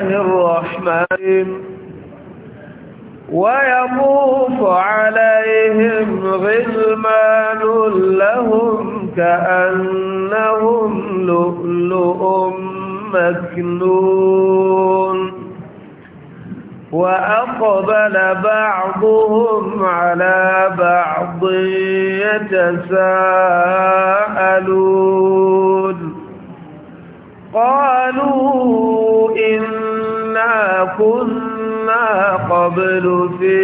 الرحمن ويطوف عليهم غلمان لهم كأنهم لؤلؤ مكنون وأقبل بعضهم على بعض يتساءلون قالوا إن كنا قبل في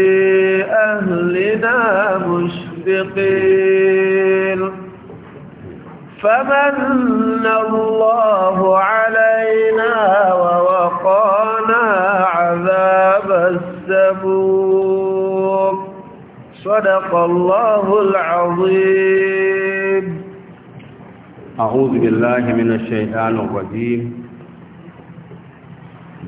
أهلنا مشفقين فمن الله علينا ووقانا عذاب السبوك صدق الله العظيم أعوذ بالله من الشيطان الرجيم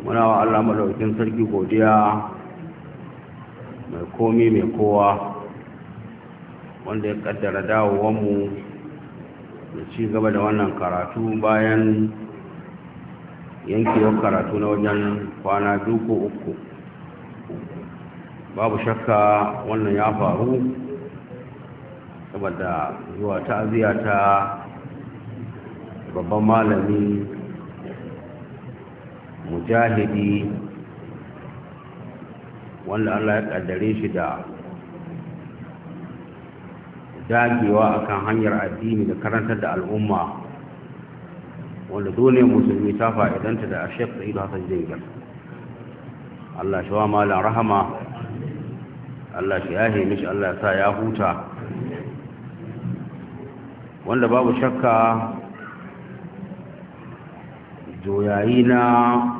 muna wa Allah madaukin sarki godiya mai komi mai kowa wanda ya kaddara dawowanmu da ci gaba da wannan karatu bayan yankewar karatu na wajen kwana biyu ko uku babu shakka wannan ya faru saboda zuwa ta'aziyata babban malami mujahidi wanda Allah ya kaddare shi da dagewa akan hanyar addini da karantar da al'umma wanda dole musulmi ta fa'idanta da Sheikh Said Hassan Jengel Allah shi wa malan rahama Allah shi yahe mishi Allah ya sa ya huta wanda babu shakka joyayi na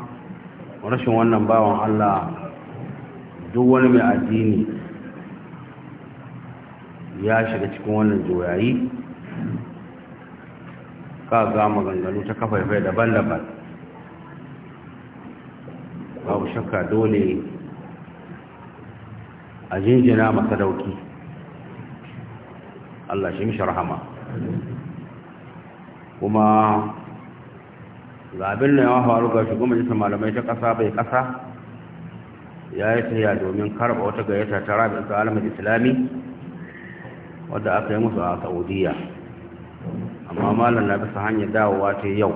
rashin wannan bawan Allah duk wani mai addini ya shiga cikin wannan joyayi ka ga maganganu ta kafaifai daban-daban babu shakka dole a jinjina masa dauki Allah shi mishi rahama kuma ga abin da ya faru ga shugaban jisar malamai ta ƙasa bai ƙasa ya yi tafiya domin karɓa wata gayyata ta rabin su alamar islami wadda aka yi musu a saudiya amma malam na bisa hanyar dawowa ta yau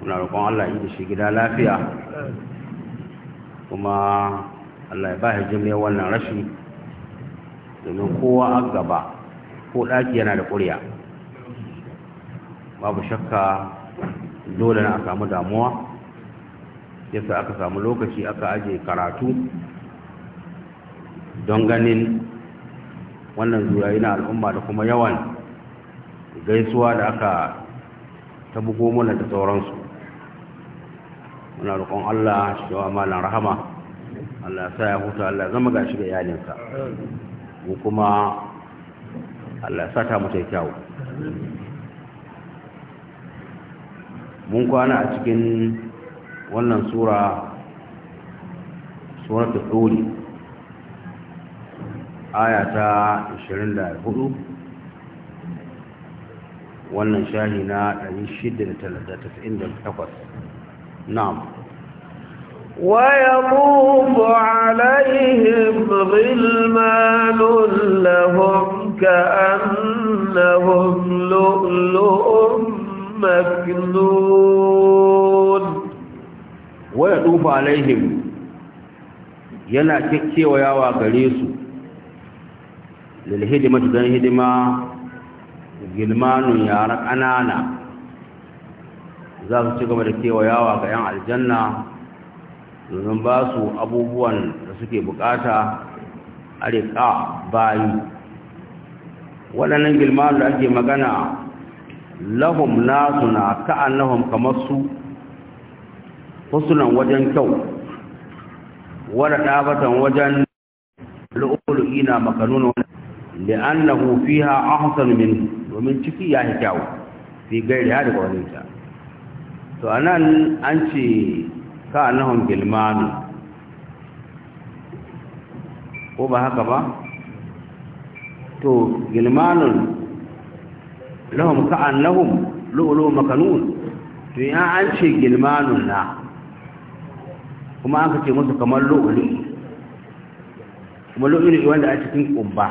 muna roƙon allah yi da shi gida lafiya kuma allah ya ba shi wannan rashi domin kowa a gaba ko ɗaki yana da ƙuriya babu shakka dole na a samu damuwa yasa aka samu lokaci aka aje karatu don ganin wannan zurayi na al'umma da kuma yawan gaisuwa da aka tabugo mana da sauransu muna roƙon Allah shi yawa malan rahama Allah sa ya huta Allah zama ga shi da iyalinsa ko kuma Allah sa ta mu kyau mun kwana a cikin wannan sura sura ta duri aya ta 24 wannan shahi na 638 na ويطوف عليهم غلمان لهم كأنهم لؤلؤ مكنون ويطوف عليهم yana kekewayawa gare su lilhidimatu don hidima gilmanun yara ƙanana za su ci gaba da kewayawa ga 'yan aljanna domin ba su abubuwan da suke bukata a riƙa bayi waɗannan gilmanun da ake magana lahum nasuna ka'annahum kamar su husnan wajen kyau wadda dabatan wajen lu'ulu'ina makanun li'annahu fiha ahsan min domin ciki ya hikawo fi gairi ya daga wani ta to nan an ce ka'annahum gilmanu ko ba haka ba to gilmanun lahum ka'annahum lu'lu makanun to ya an ce gilmanun na kuma aka ce musu kamar lu'lu kuma lu'lu wanda a cikin kumba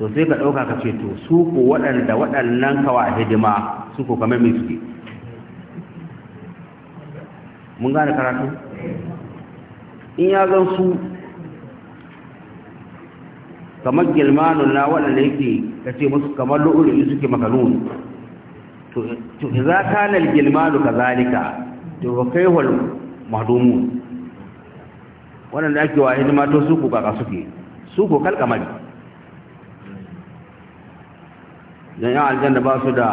to sai ka dauka ka ce to su ko waɗanda waɗannan kawa hidima su ko kamar mai suke mun gane karatu in ya zan su kamar gilmanun na waɗanda yake ka ce musu kamar lu'ulu'i suke makanun to za ka nal gilmanu ka zalika to ba kai wal mahdumu waɗanda ake wa hidima to su kaka suke su ku kalkamari don yan aljanna ba su da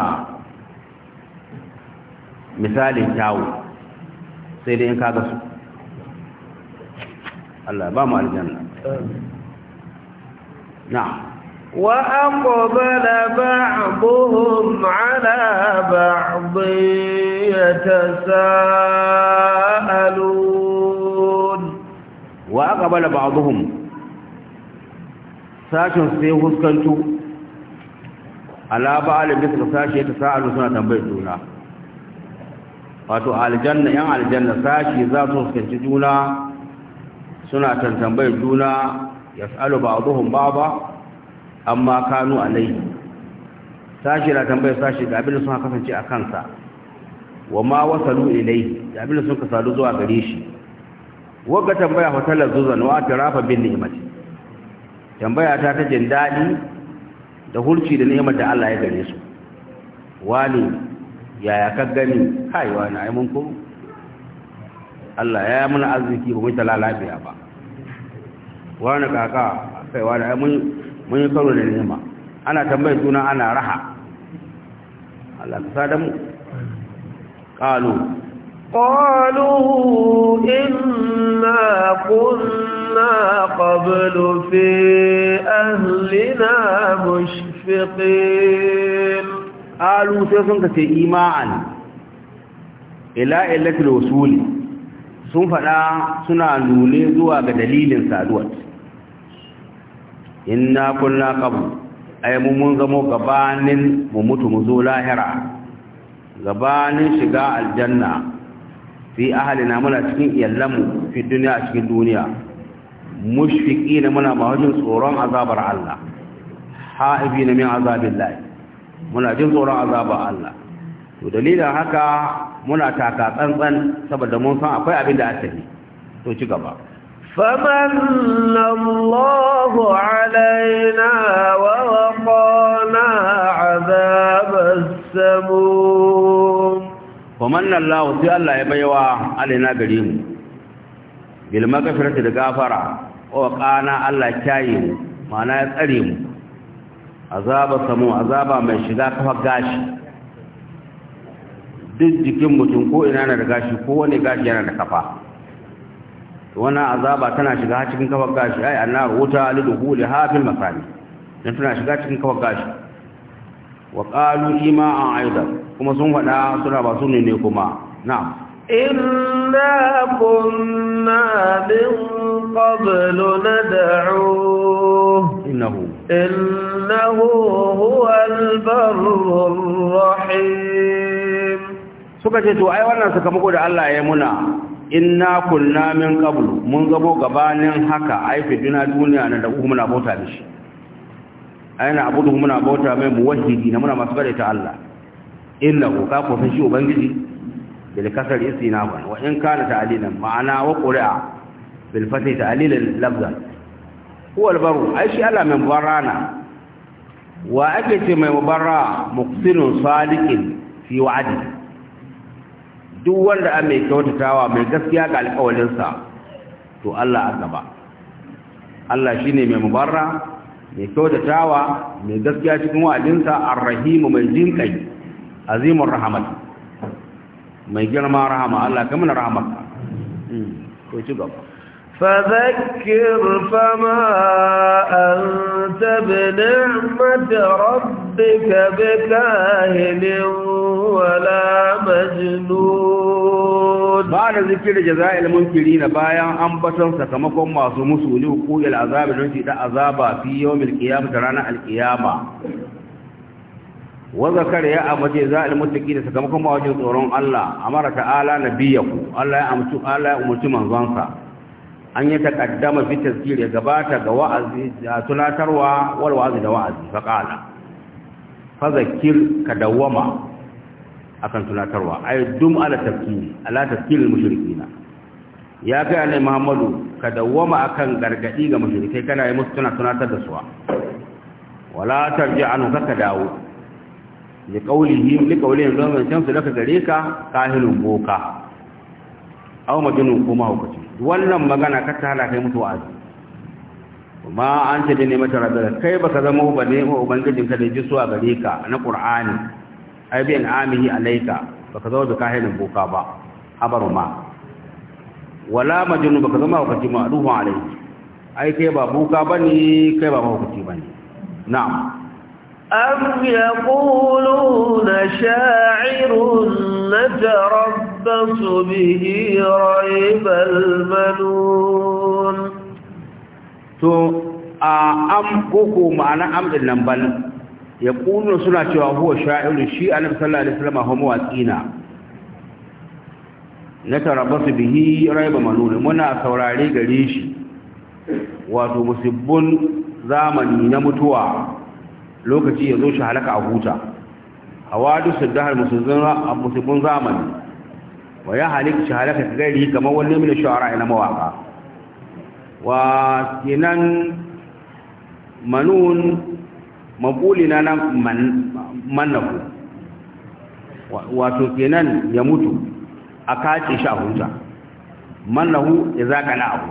misalin kyawu sai dai in kaga su Allah ba mu aljanna نعم وأقبل بعضهم على بعض يتساءلون وأقبل بعضهم ساشن سيهو سكنتو على بعض مثل ساشن يتساءلوا سنة تنبيه دولا فاتو على الجنة يعني على الجنة ساشن ذاتو سكنتو دولا سنة تنبيه دولا yas'alu ba'dhum ba'dha amma kanu alayhi sashi na tambayar sashi ga abin sun kasance a kansa wa ma wasalu ilayhi ga abin sun kasalu zuwa gare shi wagga tambaya hotel zuzan wa atirafa bin ni'mati tambaya ta ta jin dadi da hulci da ni'imar da Allah ya gare su wani yaya ka gani kai wani ai mun kuru Allah ya yi mana arziki ba mu ta lalabiya ba wani kaka kai wani mun yi karo da nema ana tambayin suna ana raha Allah ka sada mu qalu qalu inna kunna qablu fi ahlina mushfiqin Kalu sai sun kace ima'an ila illatil wasuli sun fada suna nune zuwa ga dalilin saduwa inna kunna qab ay mu mun zamo gabanin mu mutu mu zo lahira gabanin shiga aljanna fi ahlina muna cikin iyalanmu fi duniya cikin duniya mushfiqina muna mahajin tsoron azabar Allah haibina min azabillahi muna jin tsoron azabar Allah to dalilin haka muna taka tsantsan saboda mun san akwai abin da ake to ci gaba فمن الله علينا ووقانا عذاب السموم فمن الله في الله يبيوا علينا غريم بالمغفرة الغفرة ووقانا الله كايم معنى يتقريم عذاب السموم عذاب من شغا فقاش duk jikin mutum ko ina na da gashi ko wani gashi yana da kafa wannan azaba tana shiga cikin kawar gashi ai annar wuta lidukhuli hafil masani don tana shiga cikin kawar gashi wa qalu a aidan kuma sun faɗa suna ba su ne ne kuma na'am inna kunna min qablu nad'u innahu innahu huwal barrur rahim suka ce to ai wannan sakamako da Allah ya yi muna inna kunna min qablu mun zabo gabanin haka aifi duna duniya na da na bauta ai na abudu muna bauta mai muwahhidi na muna masu bare ta Allah ku ka ko san shi ubangiji bil kasar ba wa in kana ta alilan ma'ana wa qur'a bil fathi alilan lafzan huwa al baru ai shi Allah mai barana wa ake ce mai mubarra muqsinun sadiqin fi wa'di duk wanda an mai kyautatawa mai gaskiya ga alƙawalinsa to Allah a gaba Allah shi ne mai mubarra mai kyautatawa mai gaskiya cikin wa'adinsa arrahimu mai jinƙai azimun rahamat mai girma rahama Allah kamar rahamarka hmm, to ci gaba فذكر فما أنت بنعمة ربك بكاهل ولا مجنون بعد ذكر جزاء المنكرين بايا أنبتن سكمكم ماسو مسولي وقوي العذاب التي تعذاب في يوم القيامة رانا القيامة وذكر يا أبا جزاء المتقين سكمكم واجه طورون الله أمر تعالى نبيه الله أمتو الله أمتو منظنسا an yi takaddama fi tazkir ya gabata ga wa'azi da tunatarwa wal wa'azi da wa'azi fa qala fa zakir ka dawama akan tunatarwa ay dum ala tafkiri ala tafkir mushrikina ya gaya ne Muhammadu ka dawama akan gargadi ga mushrikai kana yi musu tuna tunatar da su wala tarji anhu ka dawo li yanzu li qawlihi zaman su laka gare ka kahilun boka aw majnun kuma hukaci wannan magana ka ta halaka mutu wa'azi ma an ce ne mata rabbi kai baka zama uba ne ko ubangijin ka da ji suwa gare ka na qur'ani ai bi amihi alayka baka zama da kahirin boka ba abaru ma wala majnun baka zama wakati ma ruhu alayhi ai kai ba boka bane kai ba mahaukaci bane na'am am yaquluna sha'irun natarabbi يلبس به ريب المنون to am ma'ana am ya kuno suna cewa huwa sha'iru shi annabi sallallahu alaihi wasallam homo wasina na tarabasu bihi raiba manun muna saurare gare shi wato musibbun zamani na mutuwa lokaci ya zo shi halaka a huta hawadu sudahar musulmin zamani wa ya halik shahalaka gari kamar wani min shawara ina mawaka wa kinan manun maqulina na man mannafu? wato kenan ya mutu a kace shi a hunta mannahu idza kana abu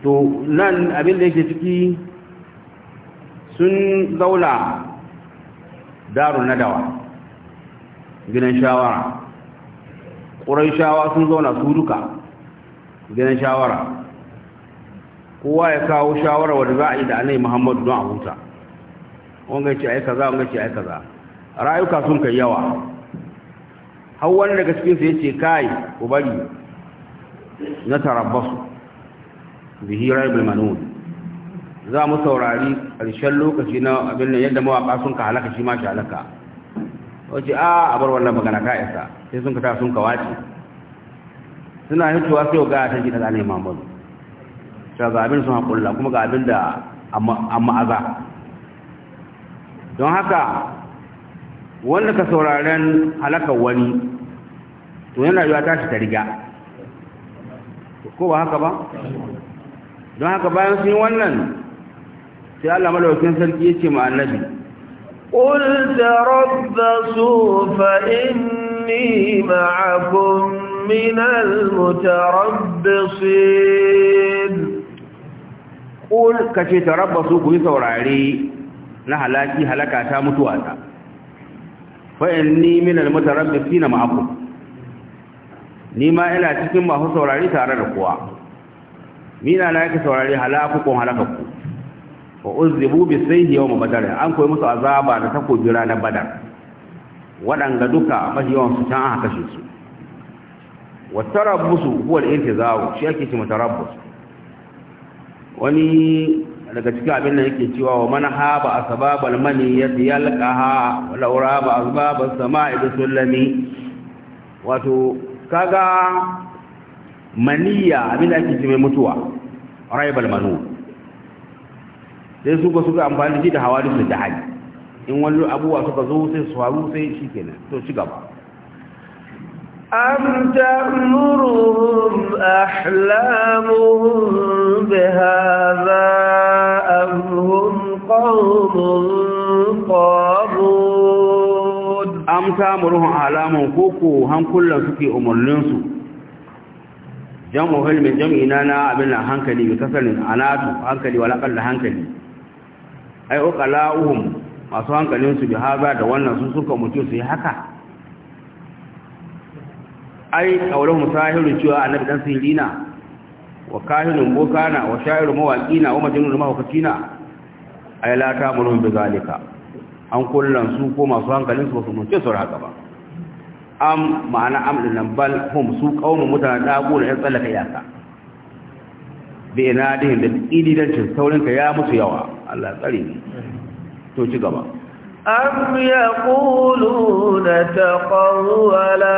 to nan abin da yake ciki sun zaula daru nadawa gidan shawara ƙuraishawa sun zauna su duka gidan shawara kowa ya kawo shawara wadda za a yi da anai muhammadu don a huta wanga ce ai kaza wanga ce ai kaza rayuka sun kai yawa har wani daga cikin ya ce kai ku bari na tarabbasu bihi raibul manun za mu saurari ƙarshen lokaci na abin nan yadda mawaƙa sun ka halaka shi ma shi halaka wace a a bar wannan magana ka isa sai sun ka sun kawace suna hitowa sai ga ta gida zane mamadu ta ga abin sun haƙulla kuma ga abin da amma aza don haka wanda ka sauraren halakar wani to yana yiwa tashi ta riga ko ba haka ba don haka bayan sun yi wannan sai Allah malawakin sarki ya ce ma annabi قل تربصوا فإني معكم من المتربصين قل كشي تربصوا كي كوي سوراري نهلاكي هلكا تامتواتا فإني من المتربصين معكم نيما إلا تكن ما هو علي تارى القوى مين أنا يكي علي هلاككم هلككم wa uzibu bi sayhi yawm badar an koyi musu azaba da takobi ranar badar waɗanga duka mafi yawan su can aka kashe su wa tarabbusu huwa al-intizaru shi ake cewa tarabbus wani daga cikin abin da yake cewa wa man haba al mani yad yalqaha wa law raba as sama'i bisullami wato kaga maniya abin da ake mai mutuwa raibal manu sai su ga suka amfani da shi da hawari su jahali in wani abubuwa suka zo sai su faru sai shi kenan to ci gaba أم تأمرهم أحلامهم بهذا أم هم قوم طابون أم تأمرهم أحلامهم كوكو هم كل سكي أمر لنسو جمع هل من جمعنا أبنا هنكلي بكسر عناتو هنكلي ولا قل هنكلي ai uhum masu hankalin su bi haza da wannan sun suka mutu su yi haka ai qauluhum sahiru cewa annabi dan sirina wa kahinun na, wa sha'iru mawaqina wa majnunun na. ai la ta'murun bi zalika an kullan su ko masu hankalin su su mutu su haka ba am ma'ana am nan bal hum su qaumun mutana da gura ya tsallaka iyaka da ina da da ididancin saurinka ya musu yawa Allah tsari ni to ci gaba am yaquluna taqawwala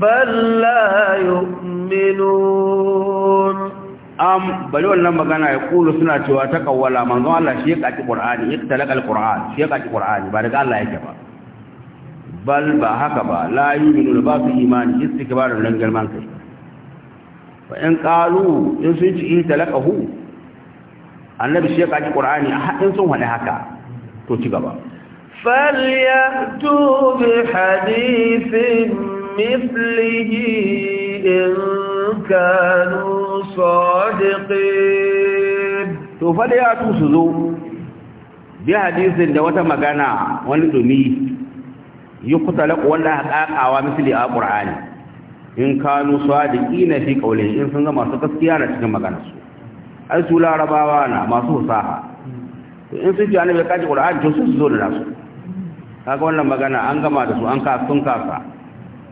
bal la yu'minun am bari wannan magana ya kulu suna cewa taqawwala manzo Allah shi ya kaci Qur'ani ya talaka al-Qur'an shi ya kaci Qur'ani ba daga Allah yake ba bal ba haka ba layu yu'minun ba su imani istikbarun nan girman kai fa in qalu in sun ci in talaqahu annabi shi ya kaji qur'ani a hadin sun wani haka to ci gaba falyatu bi hadithin mithlihi in kanu sadiqin to tu su zo bi hadisin da wata magana wani domi yi kutalaq wanda haƙaƙawa misali a in kanu sadiqina fi qawlihim in sun zama su gaskiya na cikin maganarsu ai su larabawa na masu fasaha to in sun ji annabi kaji qur'ani to sun zo da nasu kaga wannan magana an gama da su an ka sun ka ka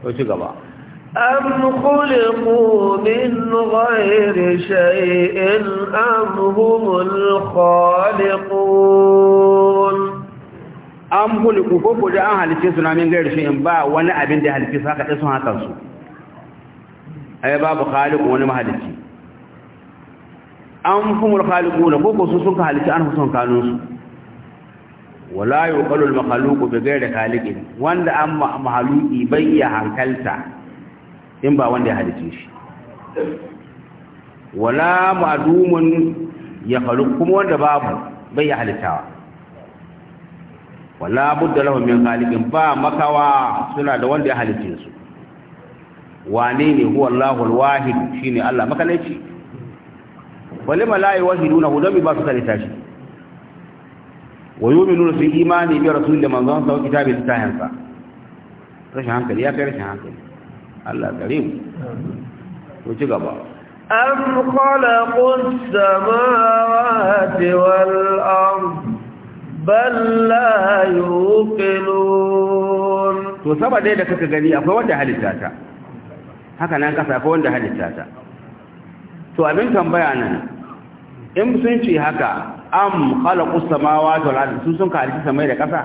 to ci gaba am khulqu min ghayri shay'in am hum al khaliqun am khulqu ko ko da an halice su na min ghayri shay'in ba wani abin da halice haka dai sun hakan su ai babu khaliq wani mahalicci an humul khaliquna ko ko su sun ka an sun kanun su wala yuqalu al makhluqu bi ghairi khaliqin wanda an mahluqi bai ya hankalta in ba wanda ya halice shi wala ma'dumun ya khaliq kuma wanda babu bai ya halittawa wala budda lahum min khaliqin ba makawa suna da wanda ya halice su wane ne huwa Allahu al-wahid shine Allah makalaici walima la yuwahiduna hudami ba su kare tashi wa yu'minuna fi imani bi rasulillahi manzon sa kitabi tahansa rashin hankali ya kai rashin hankali Allah karim to ci gaba am khalaqa samawati wal ard bal la yuqilun to saba dai da kaka gani akwai wanda halitta ta haka nan kasa ko wanda halitta ta to abin tambaya nan in sun ce haka am khalaqus samawati wal ardi su sun ka halitta samai da kasa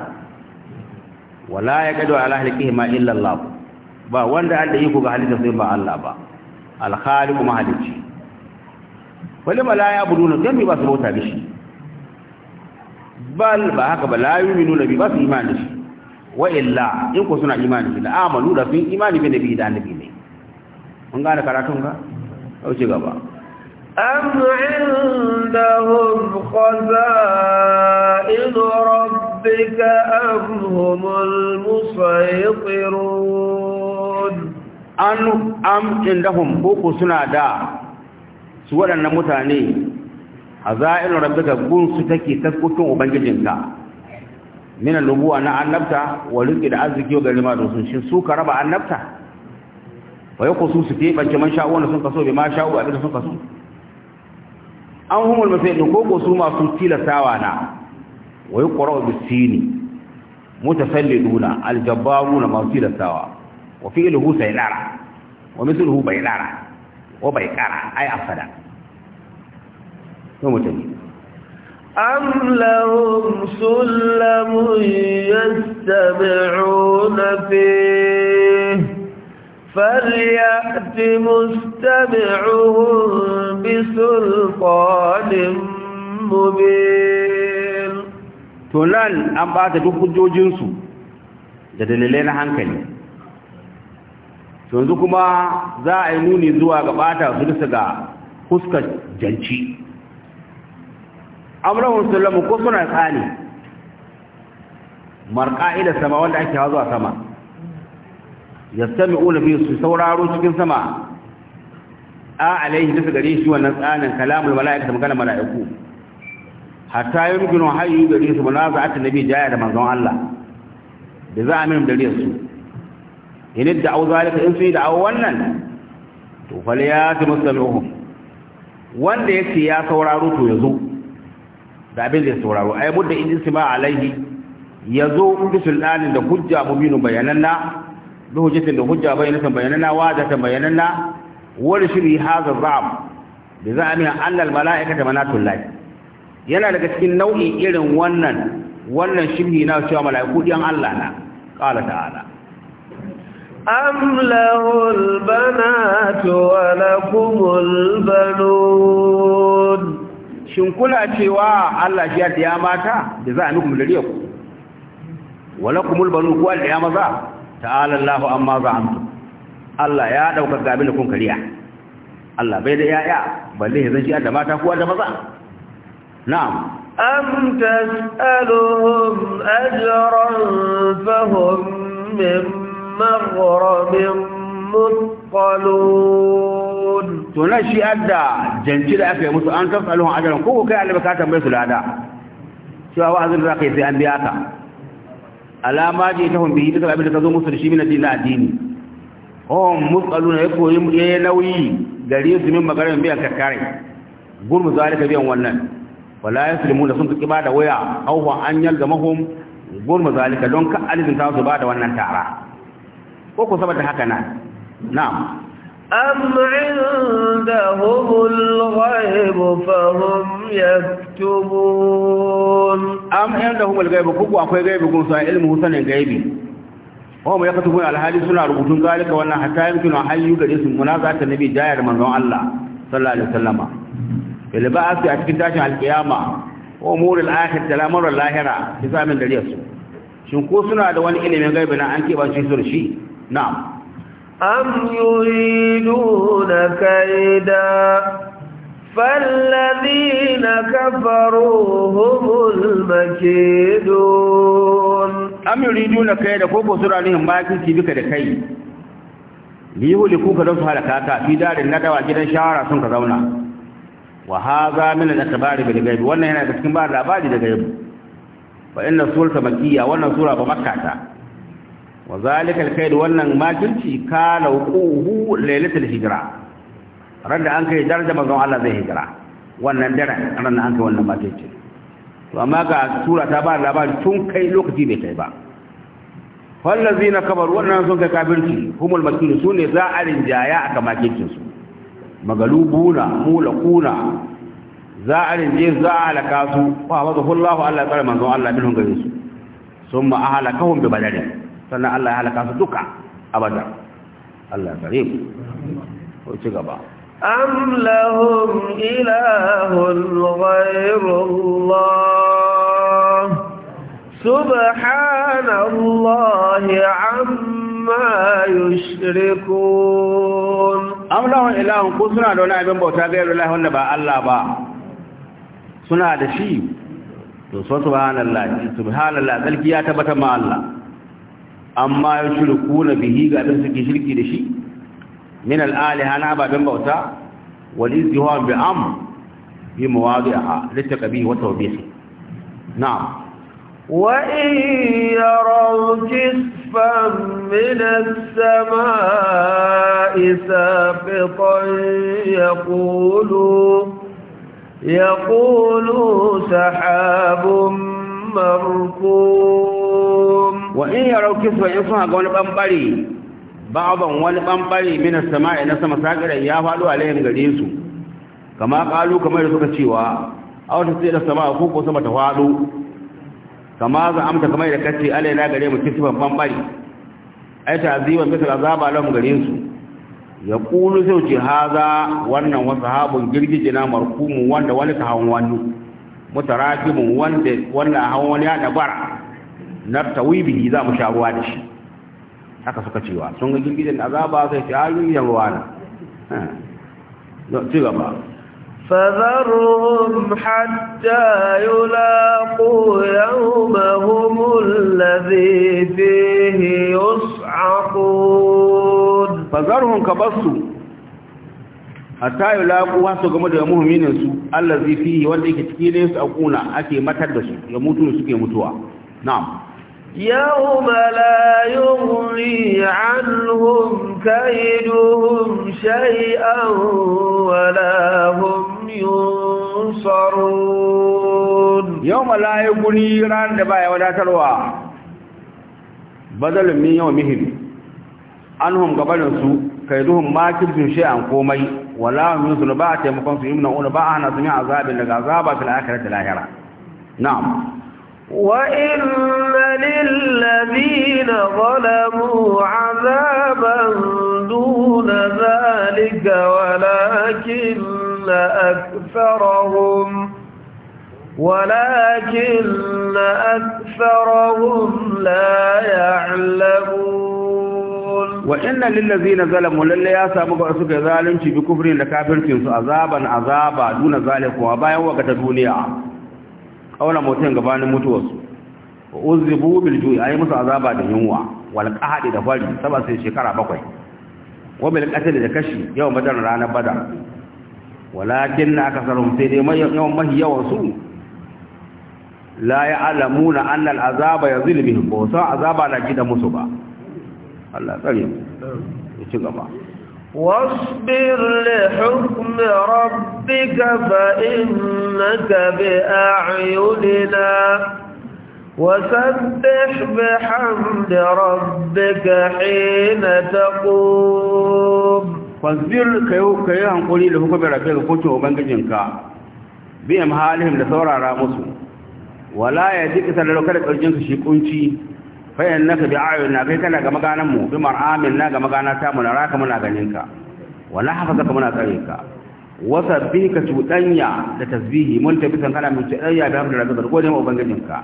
wala yaqdu ala ma illa Allah ba wanda Allah yi ku ga halitta sai ba Allah ba al khaliq ma halici wala mala ya buduna dan ba su bauta bishi bal ba haka ba la yu'minuna bi ba su imani da shi wa illa in ku suna imani da amalu da sun imani bi nabi da annabi ne mun gane karatun ka dauke gaba am indahum khaza'in rabbika am humul musaytirun an am indahum boko suna da su wadannan mutane haza'in rabbika gun su take tasbutun ubangijinka min al-nubuwa na annabta wa rizqi da arziki ga lima da sun shi su ka raba annabta wa ya kusu su keɓance man sha'u wanda sun kaso bai ma sha'u abin da sun kaso an humul masai ɗin koko su masu tilastawa na wa ya ƙwararwa bisini mutasalliduna aljabbaruna masu tilastawa wa fi'luhu saynara wa mithluhu baynara wa baykara ay afsada to mutane أم لهم سلم يستمعون فيه فليأت مستمعهم بسلطان مبين تولان an bata duk hujjojinsu da dalilai na hankali yanzu kuma za a yi nuni zuwa ga su bisa ga fuskar janci amurahun sulamu ko suna tsani marka ila sama wanda ake hawa zuwa sama yastami'una bihi su sauraro cikin sama a alaihi bisa gare shi wannan tsanin kalamul mala'ika magana mala'iku hatta yumkinu hayyu gare su munaza'at nabi jaya da manzon Allah da za a min da su in da au zalika in su yi da au wannan to falyatu muslimuhum wanda yake ya sauraro to yazo da abin da ya sauraro ai mudda in isma alaihi yazo bisul da hujja bayanan bayananna da hujja wa na بهجة لهجة بينة بيننا وعدة بيننا ورشري هذا الرعب بزعمها أن الملائكة manatun الله yana daga cikin nau'in irin wannan wannan shibhi na cewa mala'iku ɗiyan Allah na ƙala ta'ala am lahul banatu wa lakumul banun shin kula cewa Allah shi ya mata da za a nuku mulariya ku wa lakumul banun ku Allah ya maza تعالى الله أما زعمتم الله يا دو كقابل لكم كليا الله بيد يا يا بليه زنجي أدى ما تفو أدى مزا نعم أم تسألهم أجرا فهم من مغرم مثقلون تنشي أدى جنجي لأك يا مسؤال تسألهم أجرا كوكا اللي بكاتا بيسل هذا سوى واحد الرقي في أنبياتا alama je ta hunbi duka abin da ka zo musu da shi min addini addini hum musaluna ya koyi ya nauyi gare su min magaran biyan kakkare gurmu zalika biyan wannan wala yaslimu da sun tuki ba da waya aw wa an yalgamahum gurmu zalika don ka alizin ta su ba da wannan tara ko ku saboda haka na na'am am indahumul ghaib fahum yak yaktubun am indahum al-ghaibu kuku akwai gaibi kun sa ilmu sanin gaibi wa ma yaktubun al-hali suna rubutun galika wannan hatta yumkinu hayyu gare su munazata nabi dayar manzon Allah sallallahu alaihi wasallama bil ba'ath a cikin tashin al-qiyama wa umur al-akhir da al-lahira hisamin dariya su shin ko suna da wani ilimin gaibi na an ke ba shi surshi na'am am yuriduna kaida فالذين كفروا هم المكيدون أم يريدون كيدا كوكو سورة لهم باكي سيبك دكي ليهو لكوك دوسها هلكاكا في دار الندوى جدا شعر سنك زونا وهذا من الأكبار بالغيب وانا هنا تسكنبار لأبادي الأباد فإن السورة مكية وانا سورة بمكة وذلك الكيد وانا ماكي كان وقوه ليلة الهجرة ran da an kai daraja manzon Allah zai hijira wannan daren ran da an kai wannan mata ce to amma ga sura ta ba labarin tun kai lokaci bai kai ba wallazina kabaru wannan sun kai kafirci humul makin su ne za a rinjaya aka makincin su magalubuna mulakuna za a rinje za a halaka su fa wadhullahu Allah tsare manzon Allah minhum gare su summa ahlakahum bi badari sannan Allah ya halaka su duka abada Allah ya kare ko ci gaba Amlaun gilahu lairallah, subhana Allah amma yushrikun. Amlawar ila ungu suna da wani abin bauta ga Abdullahi wanda ba Allah ba. Suna da shi. Tsofaffi baha nallaki, ya tabbata mu Amma yashuri kuna bihi ga abin su ke shirki da shi. من الآلهة أنا أبا نابا بمبوتا والإزهوان بأم في مواضعها للتقبيه والتوبيخ نعم وإن يروا كسفا من السماء سافطا يقولوا يقولوا سحاب مركوم وإن يروا كسفا يصنع قول بمبري ba'aban wani bambare min sama'i na sama sagare ya falo alaihim gare su kama qalu kamar suka cewa aw ta sai da sama ko ko sama ta falo kama za amta kamar da kace alaina gare mu kisban banbari!" ai ta ta'ziban bi azaba lahum gare su yaqulu sai ce haza wannan wa girgije girgijina markumu wanda wani ta hawan wani mutarakimun wanda wannan hawan wani ya dabara na tawibi za mu sha ruwa da shi Aka suka cewa sun ga girgijen azaba sai ta ayu yan wana ci gaba فذرهم حتى يلاقوا يومهم الذي فيه يصعقون فذرهم كبسوا حتى يلاقوا su game da mu'minin su allazi wanda yake cikin su akuna ake matar da su ya mutu suke mutuwa na'am يوم لا يغني عنهم كيدهم شيئا ولا هم ينصرون يوم لا يغني ران دبا وداتروا بدل من يومهم anhum gabanin su kaiduhum ma kibdun shay'an komai wala min yusunu ba taimakon su yumna una ba ana sun azabin daga azaba fil akhirati lahira na'am وإن للذين ظلموا عذابا دون ذلك ولكن أكثرهم ولكن أكثرهم لا يعلمون وإن للذين ظلموا للي ياسامك أسك ذالنش بكفر لكافرتين عذابا عذابا دون ذلك وبايا وقت دنيا kauna mutum gabanin mutuwarsu uzibu bil ju'i ayi musu azaba da yunwa wal qahdi da fari saba sai shekara bakwai wa bil qatl da kashi yau madan ranar badar walakin akasarum sai dai mai yawan mahi yawan su la ya'lamuna anna al azaba yazil bihim ba sa azaba na gida musu ba Allah tsare mu ci gaba واصبر لحكم ربك فإنك بأعيننا وسبح بحمد ربك حين تقوم واصبر كيو كيو هنقولي لحكم ربك كوتو وبنجنكا بهم حالهم لثورة رامسو ولا يجيك سلوكالك أجنك شيكونشي fayan naka bi na kai kana ga maganan mu bi mar'amin na ga magana ta mu na raka muna ganin ka haka hafazaka muna tsare ka wasa bi ka tudanya da tasbihi mun tafi san kana mun tudanya da hamdu rabbika gode ma ubangijin ka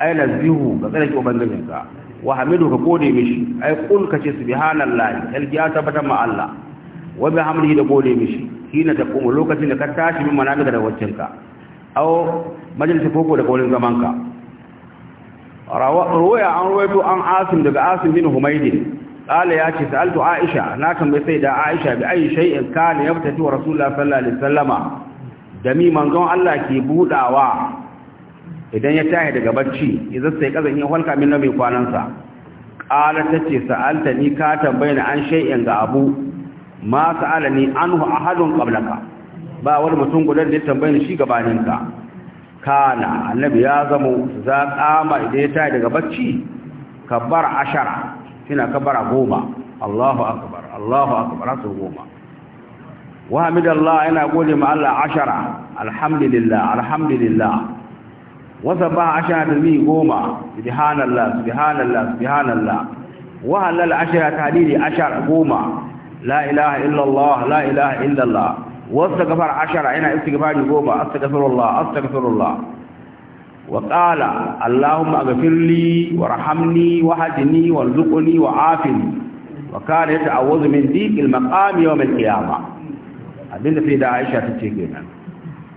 ay lazbihu ga tsare ki ubangijin ka wa hamidu ka gode mishi Ai kul ka ce subhanallahi algiya tabbata ma Allah wa bi hamdihi da gode mishi hina ta kuma lokacin da ka tashi min manaka da waccin ka aw majalisa koko da kaurin zaman ka ruwaya an ruwaito an asim daga asim bin humaydin qala ya ce sa'altu aisha na kan bai sai da aisha bi ayi shay'in kana yaftati wa rasulullah sallallahu alaihi wasallama dami manzon Allah ke budawa idan ya tahi daga bacci idan sai kazan ya halka min nabi kwanansa qala tace sa'alta ni ka tambaye an shay'in ga abu ma sa'alani anhu ahadun qablaka ba wani mutum gudan da ya tambaye ni shi gabaninka kana annabi ya zamo za kama idan ya tayi daga bacci kabbar ashara kina kabbara goma Allahu akbar Allahu akbar su goma wa hamidallah ina gode ma Allah ashara alhamdulillah alhamdulillah wa sabaha ashara tilmi goma subhanallah subhanallah subhanallah wa halal ashara tahlili ashara goma la ilaha illallah la ilaha illallah واستغفر عشر عين استغفار يقوم استغفر الله استغفر الله وقال اللهم اغفر لي وارحمني وهدني وارزقني وعافني وكان يتعوذ من ذيك المقام يوم القيامة هذا في داعشة تتشكينا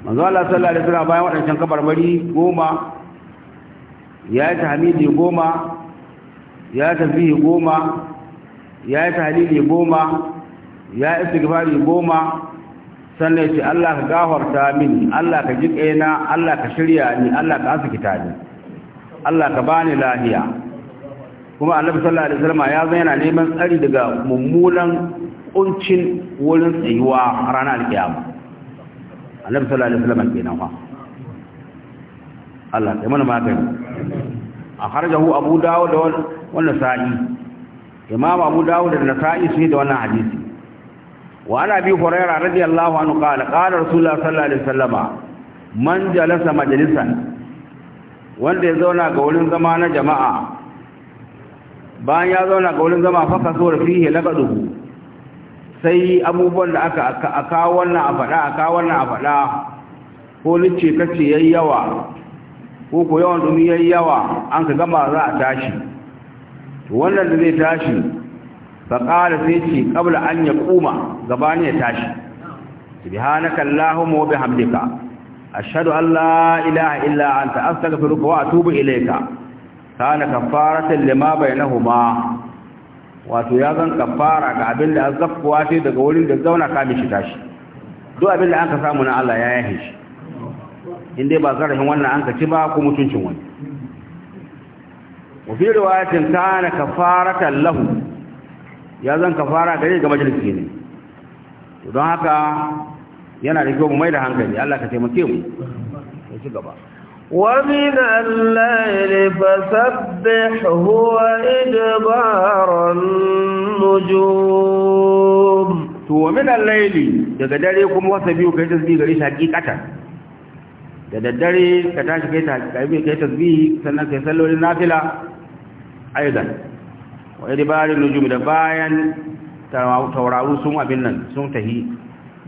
من قال الله صلى الله عليه وسلم بايوان عشان كبر مري قوم يا تحميد يقوم يا تنفيه يقوم يا تحليل يقوم يا استغفار يقوم sannan ce Allah ka gafarta mini Allah ka jiƙe na Allah ka shirya ni Allah ka asukita ni Allah ka bani lahiya kuma annabi sallallahu alaihi wasallam ya zo yana neman tsari daga mummunan kuncin wurin tsayuwa ranar alkiyama annabi sallallahu alaihi wasallam kenan fa Allah ya mana magani a harjahu abu dawud da wannan sa'i imam abu dawud da nasa'i shi da wannan hadisi وعن أبي هريرة رضي الله عنه قال قال رسول الله صلى الله عليه وسلم من جلس مجلسا wanda ya zauna ga wurin zama na jama'a bayan ya zauna ga wurin zama faka so da fihe lagaduhu sai abubuwan da aka a kawo wannan a faɗa a kawo wannan a faɗa ko lice kace yayi yawa ko ko yawan dumi yayi yawa an ka gama za a tashi To wannan da zai tashi faƙara sai ce ƙabla an ya ƙuma gabani ya tashi subhanaka allahumma wa bihamdika ashhadu an la ilaha illa anta astaghfiruka wa atubu ilayka kana kafaratan lima bainahuma wato ya zan kafara ga abin da zakkuwa ce daga wurin da zauna kamin shi tashi duk abin da an ka samu na Allah ya yahe shi in dai ba zarafin wannan an ka ci ba ko mutuncin wani wa fi riwayatin kana kafaratan lahu ya zan kafara gare ga majalisi ne don haka yana da kyau mai da hankali Allah ka taimake mu ya ci gaba idbaran nujum to wa min al الليل daga dare kuma wasa biyu kai tasbih gare shi hakikata da daddare ka tashi kai tasbih sannan kai sallolin nafila aidan wani dabarin nujum da bayan tauraru sun abin nan sun tahi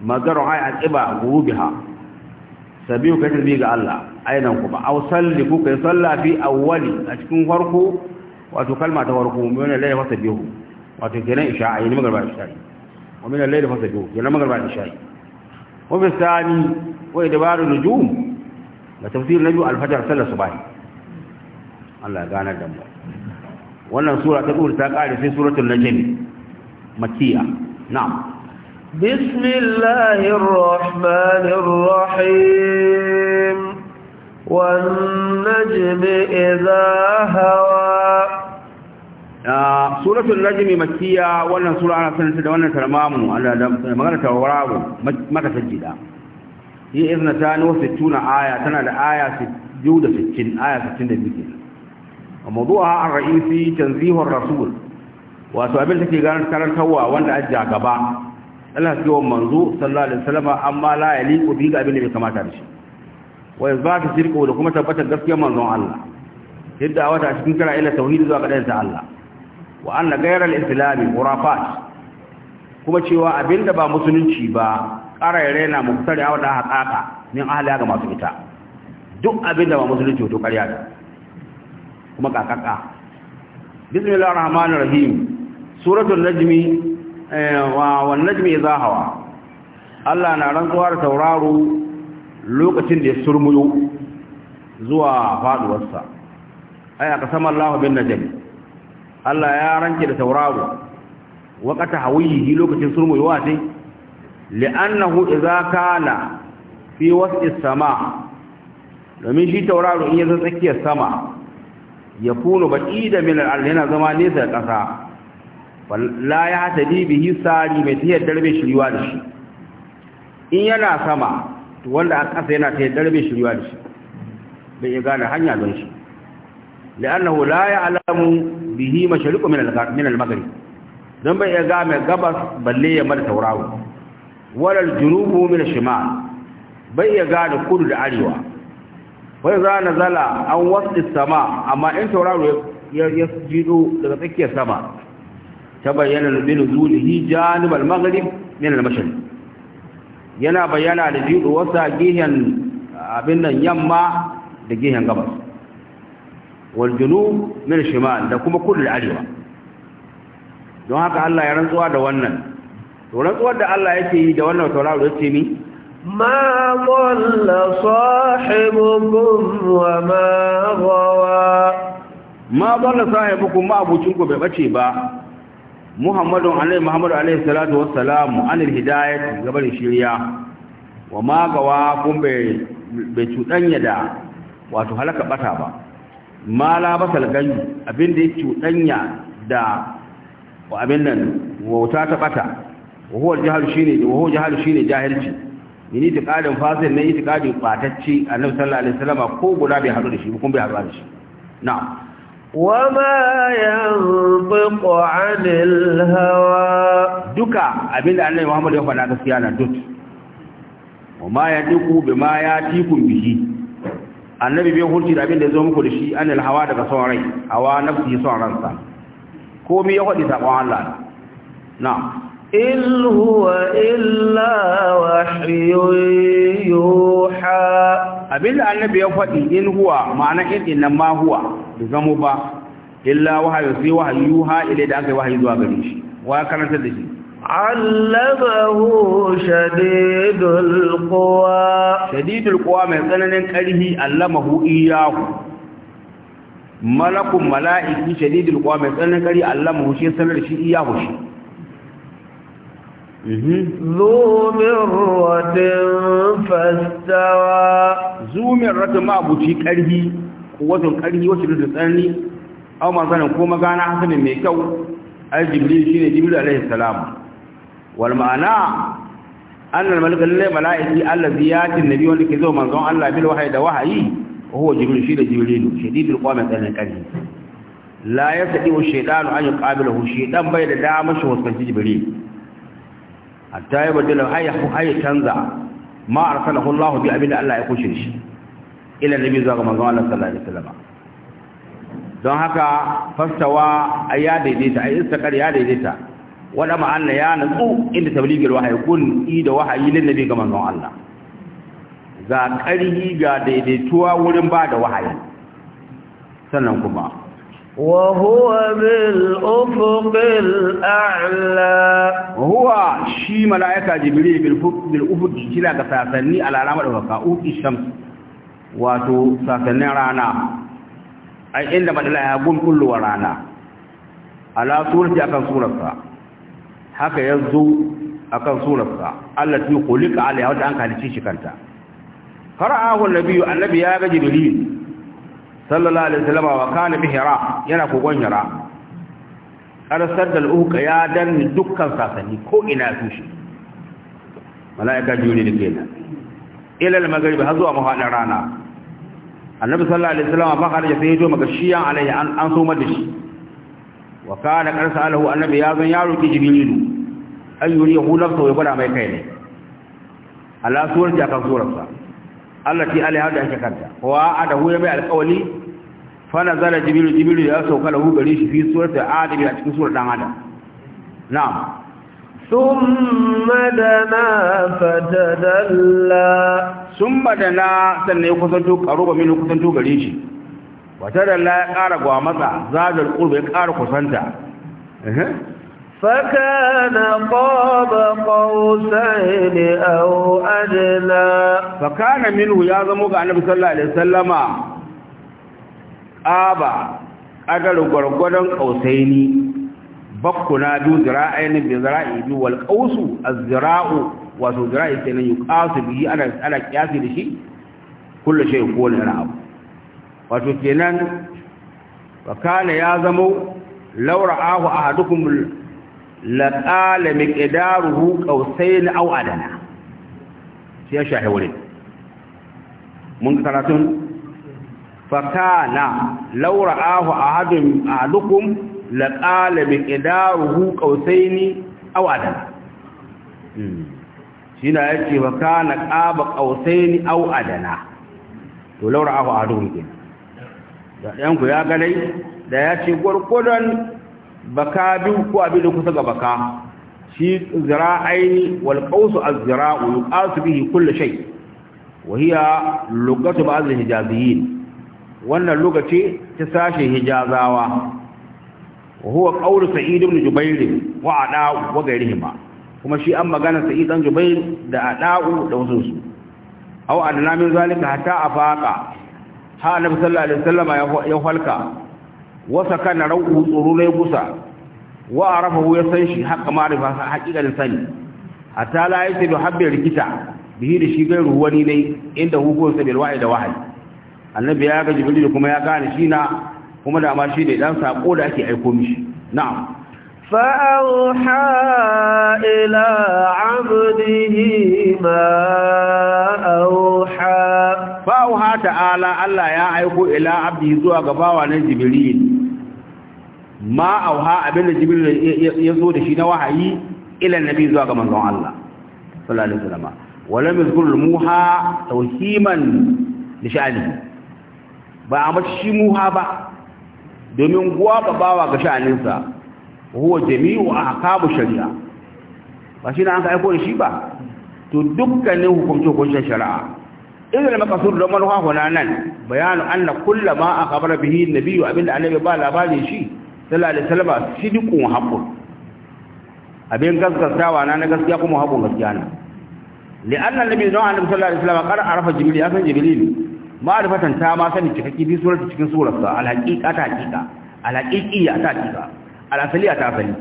magarun ai an tsiba gurubiha sabiu kai tasbih ga Allah aidan kuma aw salli ku kai salla fi awwali a cikin farko wato kalma ta farko mai wannan laye fasa bihu wato kenan isha'i ne magarba isha'i wa min al-layli fasa bihu kenan magarba isha'i yi, bi sani wa dabarin nujum da tafsirin na biyu alfajar sallar su subahi Allah ganar da mu wannan sura ta duhur ta kare sai suratul najm makiya na'am بسم الله الرحمن الرحيم والنجم إذا هوى سورة النجم مكية وانا سورة على سنة وانا ترمام على مغانا توراب مكة تجدا هي إذن تاني وستون آية تنا لآية جودة ستين آية ستين دبكين موضوعها الرئيسي تنزيه الرسول وسؤال تكي كانت كرنتوا وان اجا غبا الله سيو منزو صلى الله عليه وسلم اما لا يليق به ابن bai kamata da shi wai zaka shirku da kuma tabbatar gaskiyar manzon Allah yadda wata a cikin kira ila tauhid zuwa ga ta Allah wa anna ghayra al-islam khurafat kuma cewa abinda ba musulunci ba ƙarare na muktari awa wadda haƙaƙa min ahliya ga masu ita duk abinda ba musulunci to karya ne kuma kakaka bismillahir rahmanir rahim suratul najmi eh, wa wan najmi idha hawa Allah na rantsuwa da tauraro lokacin da ya surmuyo zuwa faduwarsa aya kasama Allahu bin najmi Allah ya ranke da tauraro waqata hawiyi lokacin surmuyo. wa dai li'annahu idza kana fi wasi sama domin shi tauraro in ya zo tsakiyar sama ya kunu ba'ida min al yana zama nesa da ƙasa la ya tadi bihi sari mai tiyar darbe shiriwa da shi in yana sama to wanda a ƙasa yana tiyar darbe shiriwa da shi bai gane hanya don shi la'annahu la ya alamu bihi mashriqu min al-min al-maghrib dan bai ga mai gabas balle ya mar taurawo wal junubu min al-shimal bai ga da kudu da arewa wai za na zala an wasu sama amma in tauraro ya jido daga tsakiyar sama ta bayyana bin zulihi janibar maghrib min al yana bayyana da jido wasa gihen abin nan yamma da gihen gabas wal junub min shimal da kuma kudu da arewa don haka Allah ya rantsuwa da wannan to rantsuwar da Allah yake yi da wannan tauraro yake ni ما ضل صاحبكم وما غوى ما ضل صاحبكم ما ابوكم ببace ba Muhammadu alaihi Muhammadu alaihi salatu wassalam anil hidayat gaban shiriya wa ma kun bai bai cudanya da wato halaka bata ba ma la basal gani abinda ya cudanya da abin nan wauta ta bata wa huwa jahil shine wa jahilci min itiqadin fasil ne itiqadin batacci annabi sallallahu alaihi wasallam ko guda bai haɗu da shi kuma bai haɗu da shi na'am ma yanbiqu 'anil hawa duka abinda annabi Muhammad ya faɗa gaskiya na duk ma yanbiqu bima yatikum bihi annabi bai hurci da abinda ya zo muku da shi anil hawa daga son rai hawa nafsi son ransa komai ya faɗi sakon Allah na'am Abin da annabi ya faɗi in huwa ma'ana in inna ma huwa da zamu ba, in la sai waha yi yuha ile da aka yi waha yi zuwa gari shi, wa karanta da shi. Allaba hu shadidul kowa. Shadidul kowa mai tsananin ƙarhi allama hu iya Malakun mala’iki shadidul kowa mai tsananin ƙarhi allama hu sanar shi iya shi. Mhm. Zumirratin fastawa. Zumirratin ma'abuci ƙarfi, kowatin ƙarfi wacce da tsanani, an mazanin ko magana hasanin mai kyau, aljibri shi ne jibiru alaihi salamu. Wal ma'ana, an nalmalgar lai mala'iki Allah ziyatin nabi wanda ke zama zan Allah bil wahayi da wahayi, ko jibiru shi da jibiru shedidin kwamin tsanin ƙarfi. La ya sadi wa shaidanu an yi ƙabilahu, bai da damar shi jibiru. hatta ya badala hayya canza ma arsalahu Allah bi abinda Allah ya kushe shi ila nabi zuwa ga manzon Allah sallallahu alaihi wasallam don haka fastawa ya daidaita ay istakar ya daidaita wala ma'anna ya nutsu inda tabligil wahayi kun i da wahayi lin nabi ga manzon Allah ga ƙarhi ga daidaituwa wurin ba da wahayi sannan kuma وهو بالأفق الأعلى وهو شي ملائكة جبريل بالأفق جلا كساسني على علامة الوقع أوكي الشمس واتو ساسني رانا أي عندما لا يقوم كل ورانا على سورة أكن سورة haka ya zo a kan surarsa allati kulika alaiha wadda an kalice shi kanta fara'ahu annabi annabi ya ga jibril sallallahu alaihi wasallam wa kana bi hira yana kogon hira arsar da al'uka ya danne dukkan sasani ko ina su shi mala'ika juri da kenan ila al-maghrib har zuwa mahadin rana annabi sallallahu alaihi wasallam fa kharaja sai yato magashiyan alaihi an an so madashi shi wa kana qarsa alahu annabi ya zan yaro ki jibrilu an yuri hu nafsa ya gwada mai kai ne ala suwar ta kan surarsa allati alaiha da ake kanta wa adahu ya bai alƙawali fana zara jibilu jibilu ya sauka da gari shi fi surat adam a cikin surat dan adam na'am summa dana fatadalla summa dana sannan ya kusanto karuba min kusanto gare shi fatadalla ya kara gwamata zadal qurba ya kara kusanta فكان قاب قوسين أو أدنى Fakana Minu ya zama ga annabi sallallahu alaihi wasallama aba qadar gurgudan qausaini bakkuna du zira'ain bi zira'i biyu, wal qausu az-zira'u wa su zira'i sai nan yuqasu bi ana ana kiyasi da shi kullu shay ko na abu wato kenan wa kana ya zamo law ra'ahu ahadukum la qala miqdaruhu qausain aw adana sai ya shahi wurin mun karatun fakana laura ahu ahadun ahadukum laqala bi idaruhu qausaini aw adam hmm. shina yake wa kana qaba qausaini aw adana to laura ahu ahadun ke da yan ya ganai da ya ce gurgudan baka biyu ko abin da kusa ga baka shi zira'aini wal qausu az-zira'u yuqasu bihi kulle shai, wa lokacin lughatu ba'd al-hijaziyyin wannan lokaci ta sashe hijazawa huwa qawlu sa'id ibn jubair wa ada'u wa ghayrihima kuma shi an magana sa'id ibn jubair da ada'u da wasu su aw adna min zalika hatta afaqa ha nabi sallallahu alaihi wasallam ya halka wa sakana rauhu tsurulai gusa wa arafahu ya san shi haqqa ma'rifa haqiqatan sani hatta la yasibu habbi rikita bihi da shi gairu wani ne inda hukunsa bil wa'i da wahayi annabi ya ga jibril kuma ya gane shi na kuma da ma shi ne dan sako da ake aiko mishi na'am fa auha ila abdihi ma auha fa auha ta'ala Allah ya aiko ila abdi zuwa ga bawa na jibril ma auha abinda jibril ya zo da shi na wahayi ila nabi zuwa ga manzon Allah sallallahu alaihi wasallam ولم يذكر الموحى توهيما لشأنه ba a mace shi muha ba domin guwa ba bawa ga sha'aninsa huwa jami'u a hakamu shari'a ba shi na an ka aiko da shi ba to dukkanin hukumce-hukumcen shari'a idan makasur da manuwa huna nan bayanu an na kulla ma a kabar bihi na biyu abinda annabi ba labari shi salalai salama sidikun haƙun abin gaskatawa na na gaskiya kuma haƙun gaskiya na li'annan nabi don annabi sallallahu alaihi wasallam a arafa jibril ya san ne ma'arifatan ta ma sani cikakki bi suratu cikin surarsa alhaqiqa ta haqiqa ya ta haqiqa alasaliya ta asali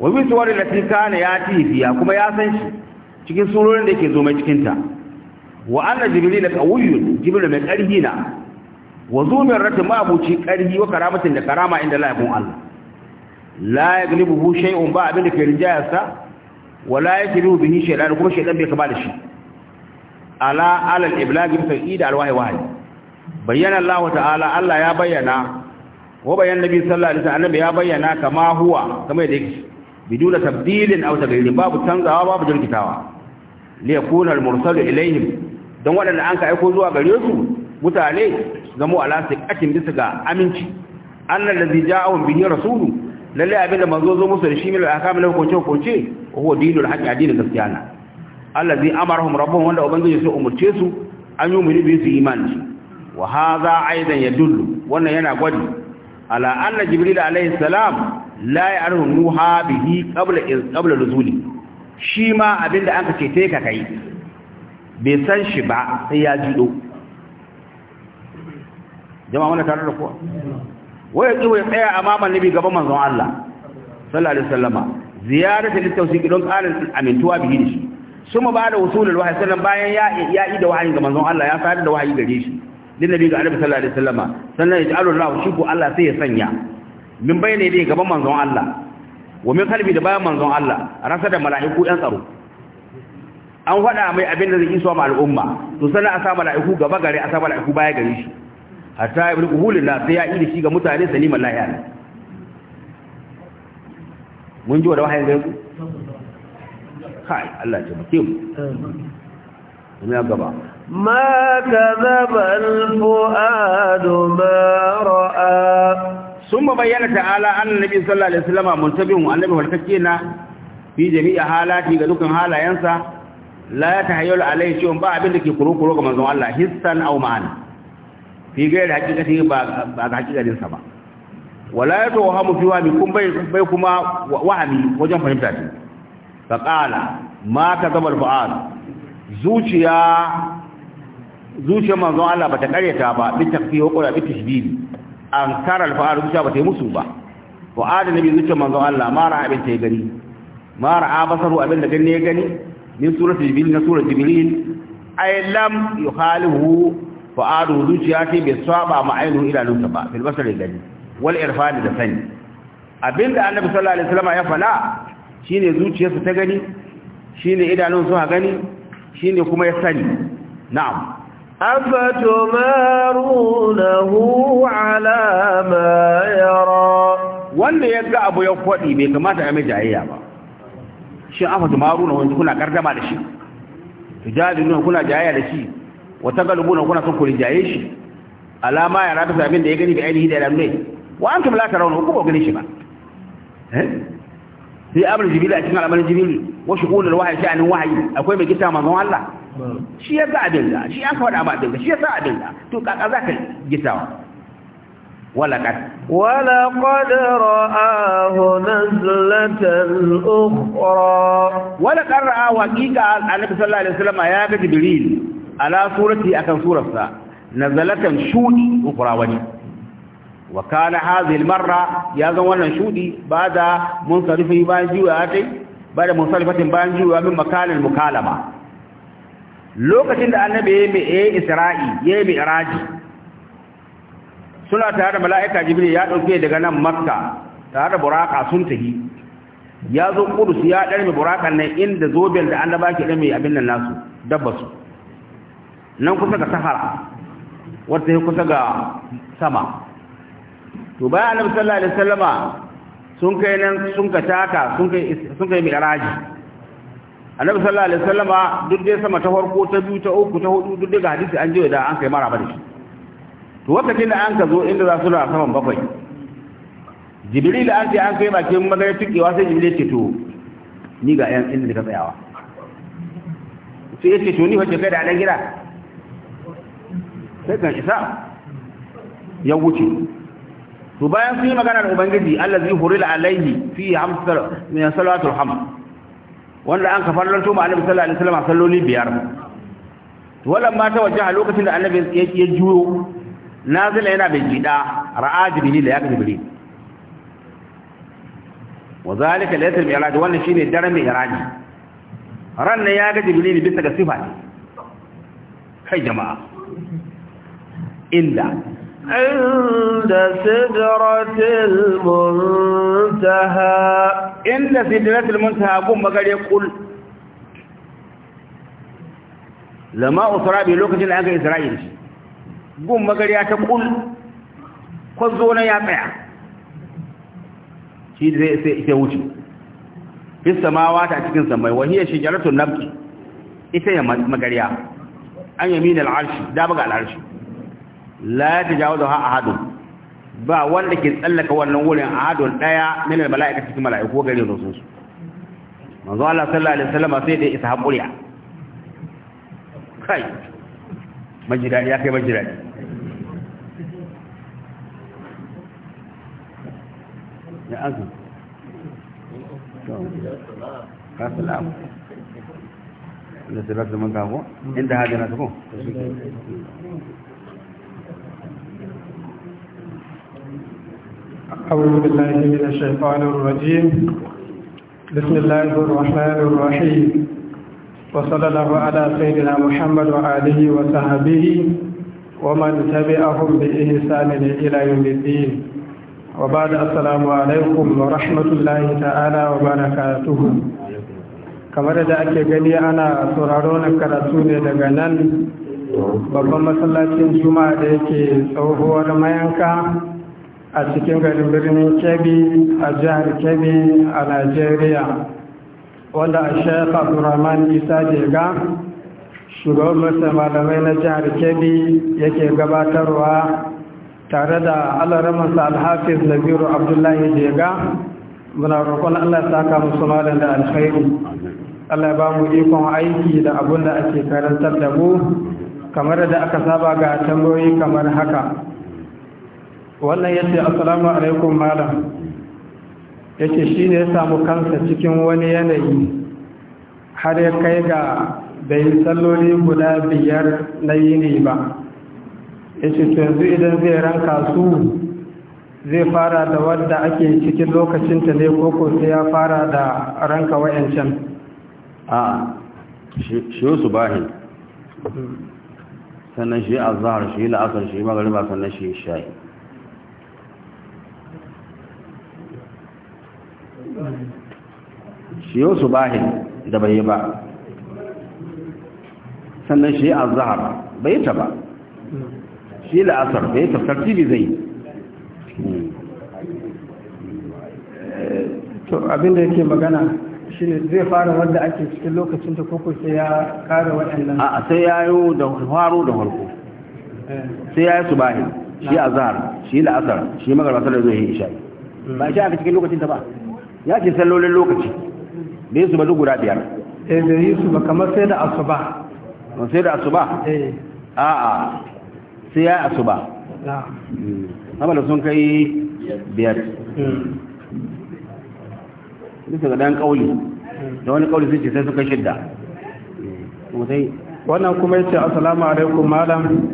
wa bi suwari lati kana ya fiya kuma ya san shi cikin surorin da yake zo mai cikin ta wa anna jibril qawiyyun jibril mai karhi na wa zumir rati ma abuci karhi wa karamatin da karama inda la Allah la yaglibuhu shay'un ba abin da ke rinjayarsa wala yakrihu bihi shay'an kuma shay'an bai kamala da shi ala alal iblagi al alwahi wahi bayyana Allah ta'ala Allah ya bayyana wa bayyan nabi sallallahu alaihi wasallam ya bayyana kama huwa kama yadda yake biduna tabdilin aw tagayyur babu tanzawa babu jirkitawa li yakuna al-mursal ilayhim dan wadanda an ka aiko zuwa gare su mutane zamo ala siqatin bisa ga aminci annal ladhi ja'ahum bihi rasulu lalle abinda manzo zo musu da shi mil ahkam na hukunce hukunce huwa dinul haqqi adinin gaskiya na allazi amarahum rabbuhum wanda ubangiji su umurce su an yumuri bi su imani wa hadha aidan yadullu wannan yana gwadi ala anna jibril alayhi salam la ya'rifu nuha bihi qabla qabla nuzuli shi ma abinda aka ce sai ka kai bai san shi ba sai ya jido jama'a wannan tare da kowa waya ji waya tsaya amaman nabi gaban manzon Allah sallallahu alaihi wasallama ziyaratu litawsiq don qalan amintuwa bihi sun ba da usulul wahayi sannan bayan ya yi da wahayi ga manzon Allah ya sadar da wahayi gare shi din nabi ga annabi sallallahu alaihi wasallam sannan ya ja'alu Allah shi ko Allah sai ya sanya min bayyane dai gaban manzon Allah wa min kalbi da bayan manzon Allah rasa da mala'iku yan tsaro an fada mai abin da zai iso ma al'umma to sannan a sa mala'iku gaba gare a sa mala'iku baya gare shi hatta ibnu qulul la sai ya yi shi ga mutane saliman lahiya mun ji wa da wahayin gaisu kai Allah ya muke mu ya gaba ma kadhaba al-fuad ma ra'a summa bayyana ta'ala anna nabi sallallahu alaihi wasallam muntabihu annabi walkake na bi jami'a halati ga dukkan halayensa la tahayyul alaihi shay'un ba abin da ke kurukuru ga manzon Allah hissan aw ma'an fi gairi hakikati ba ga hakikatin sa ba wala yatawhamu fi wa bi kun bai kuma wahami wajen fahimta shi faƙala ma ka gabar ba'ad zuciya zuciyar manzon Allah ba ta karyata ba bi takfiyo ko da shi tashbihi an kara alfa'ar zuciya ba ta yi musu ba wa adan nabi zuciyar manzon Allah mara abin ta gani Mara ra'a abin da gani ya gani min surati jibril na surati jibril ay lam yukhalihu fa adu zuciya ta bai saba ma ainihin ta ba fil basari gani wal irfan da sani abinda annabi sallallahu alaihi wasallam ya fala Shi ne zuciyarsa ta gani ne idanun suna gani gani ne kuma ya sani na'am afatumarunahu ala ma yara wanda ya ga abu ya kwadi bai kamata ya mai jayayya ba shi wanda kuna gardama da shi nuna kuna jayayya da shi wa tagalubuna kuna son ku jaye shi alama ya ta sami da ya gani da ainihi da ya ramne wa an kamala ta ku ba gani shi ba eh sai amr jibril a cikin al'amarin jibril wa shughulul wahyi sha'anin wahyi akwai mai kita manzon Allah shi ya abin da shi ya faɗa ba abin da shi ya sa abin da to kaka za ka gitawa ولقد ولقد رآه نزلة أخرى ولقد رآه حقيقة النبي صلى الله عليه وسلم يا جبريل على صورتي أكن صورة نزلة شوي أخرى wani. wa kana hadhihi almarra ya ga wannan shudi ba da munsarifi bayan juwa tai ba da munsarifatin bayan juwa min makalin mukalama lokacin da annabi ya yi isra'i ya yi iraji suna tare da mala'ika jibril ya dauke daga nan makka tare da buraka sun tahi ya zo kudus ya darme burakan nan inda zobel da annaba ke mai abin nan nasu dabbasu nan kusa ga sahara wata kusa ga sama to ya annabi sallallahu alaihi wasallama sun kai nan sun ka taka sun kai sun kai mi'raji annabi sallallahu alaihi wasallama duk dai sama ta farko ta biyu ta uku ta hudu duk daga hadisi an je da an kai maraba da shi to wata da an ka zo inda za su na saman bakwai jibril an ce an kai bakin magana tukewa sai jibril ce to ni ga yan inda ka tsayawa sai ce to ni wace kai da nan gida sai kan isa ya wuce to bayan sun yi magana da ubangiji allazi hurila alaihi fi hamsar min Salatu ham wanda an kafar kafarlanto ma annabi sallallahu alaihi wasallam salloli biyar to wannan ma ta wajaha lokacin da annabi ya juyo nazila yana bai jida ra'a jibril ya ga jibril wa zalika laylatul mi'raj wannan shine daren mi'raj ran ne ya ga jibril bisa ga sifa kai jama'a inda عند سدرة المنتهى عند سدرة المنتهى أقوم بقى يقول لما أسرى بلوكة الأنقى إسرائيل أقوم بقى يقول خذونا يا طيع شيء زي سيوتي في السماوات أتكين سماوات وهي شجرة النبكي إتيا مقريا أن يمين العرش دابق العرش la ta tajawazu ha ahadun ba wanda ke tsallaka wannan wurin ahadun daya min malaika cikin malaiku gare da su manzo Allah sallallahu alaihi wasallam sai da isa hakuriya kai majira ya kai majira ya azu to ka salamu da sirrin mun kawo inda na su ko أعوذ بالله من الشيطان الرجيم بسم الله الرحمن الرحيم وصلى الله على سيدنا محمد وآله وصحبه ومن تبعهم بإحسان إلى يوم الدين وبعد السلام عليكم ورحمة الله تعالى وبركاته kamar da ake gani ana sauraro na karatu ne daga nan babban masallacin juma'a da yake tsohuwar mayanka a cikin garin birnin kebbi a jihar kebbi a nigeria wanda a shekha turaman isa jega shugaban masa malamai na jihar kebbi yake gabatarwa tare da alaramansa alhafiz nabiru abdullahi jega muna rukun allah saka musu malam da alkhairi allah ba mu ikon aiki da abun da ake karantar da mu kamar da aka saba ga tambayoyi kamar haka wannan yace assalamu alaikum malam shi ne ya samu kansa cikin wani yanayi har ya kai ga bai salloli guda biyar na yini ba yace to yanzu idan zai ranka su zai fara da wadda ake cikin lokacinta ne ko sai ya fara da ranka wayancan a shi su bahin hmm. sannan shi azhar shi la'asar shi magariba sannan shi shayi shi yau su bahin da bai yi ba sannan shi a zahar bai ta ba shi la'asar bai ta tartibi zai eh, to abinda yake magana shi ne zai fara wadda ake cikin lokacin ta koko sai ya kare waɗannan a sai ya yi da faro da farko sai ya yi su bahin shi a zahar shi la'asar shi magarbatar da zai yi isha'i ba shi a cikin lokacin ta ba ya ce sallolin lokaci da su ba duk guda biyar eh da yi su ba kamar sai da asuba ba sai da asuba eh a'a sai ya asuba na'am hmm. amma da sun kai biyar hmm. bisa ga dan kauli hmm. da wani kauli sai ce sai suka shidda wannan kuma yace assalamu alaikum malam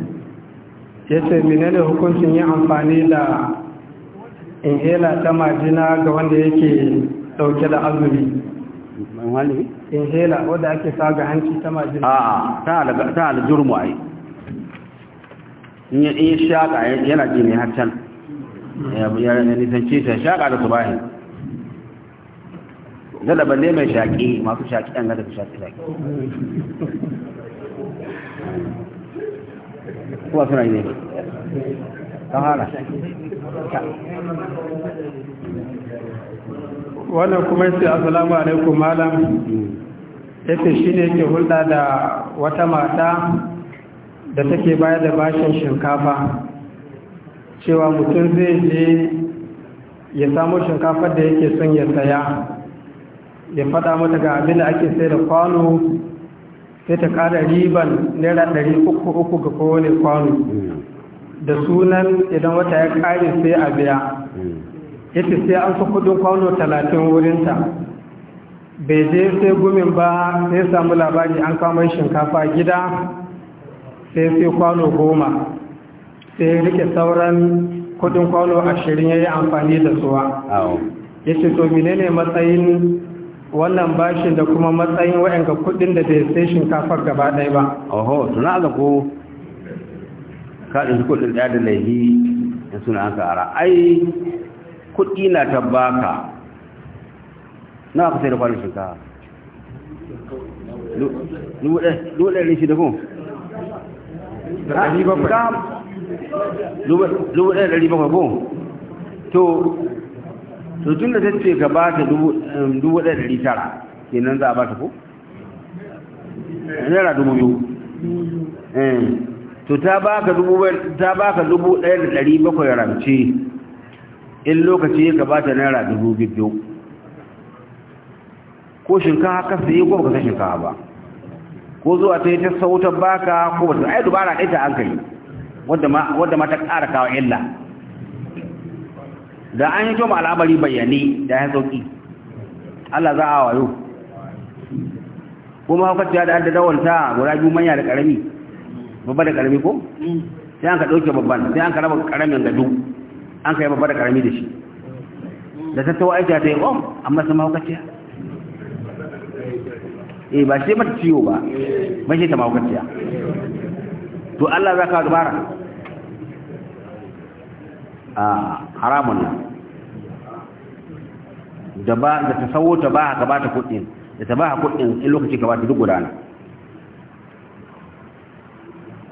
yace menene hukuncin yin amfani da inhaler ta majina ga wanda yake dauke da azumi inhaler wadda ake sa ga hanci ta majina a ta aljurmu ai in ya shaƙa yana ji ne har can ya nisance ta shaƙa da su bayan gada balle mai shaƙi masu shaƙi an gada su shaƙi shaƙi kuma suna yi ne ta hana wannan kuma ce assalamu alaikum malam yake shine yake hulɗa da wata mata da take bayar da bashin shinkafa cewa mutum zai je ya samu shinkafar da yake son ya saya ya faɗa mata ga abin da ake sai da kwano sai ta ƙara riban naira uku ga kowane kwano da sunan idan wata ya kare sai a biya yake sai an su kudin kwano talatin wurinta bai je sai gumin ba sai samu labari an kama shinkafa gida sai sai kwano goma sai rike sauran kudin kwano ashirin ya yi amfani da suwa ya ce to menene matsayin wannan bashin da kuma matsayin wa'anga kudin da bai sai shinkafar gaba ɗaya ba oho suna ga ko ka su kuɗin ɗaya da laihi da suna an tsara ai kuɗi na tabbaka na ka sai da kwanin shinkawa dubu ɗari da ko? dubu ɗari ɗari bakwai ko? to to tun da ta ce ka ba ta dubu um, da ɗari tara kenan za a ba ta ko? naira dubu biyu eh. to ta baka dubu ta baka dubu 1700 ramce in lokaci ya gabata naira dubu biyu ko shinkafa ka sai ko baka shinkafa ba ko zuwa ta yi ta sauta baka ko ba ai dubara ɗaya ta hankali, wanda wadda ma wanda ma ta ƙara kawo illa da an yi ma al'amari bayani da ya sauki Allah za a wayo kuma haukaciya da addadawanta guda biyu manya da ƙarami babba da karami ko mm. sai an ka dauke babban sai an ka raba karamin gado an ka yi babba da karami da shi da ta tawa aiki ta yi om oh, amma sama mahaukaciya eh ba sai mata ciwo ba ba shi ta mahaukaciya to Allah za ka dubara a haramun nan da ba da ta ba ka ba ta kuɗin da ta ba ka kuɗin in lokaci ka ba ta duk gudana